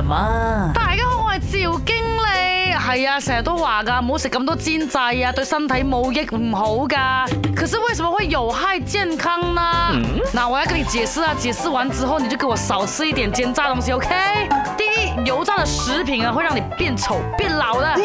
什麼，大家好我係趙經理，係啊，成日都話噶，唔好食咁多煎炸啊，對身體冇益唔好噶。可是為什麼會有害健康呢？嗯、嗱我要跟你解釋啊，解釋完之後你就給我少吃一點煎炸東西，OK？第一，油炸的食品啊，會讓你變醜變老的。喂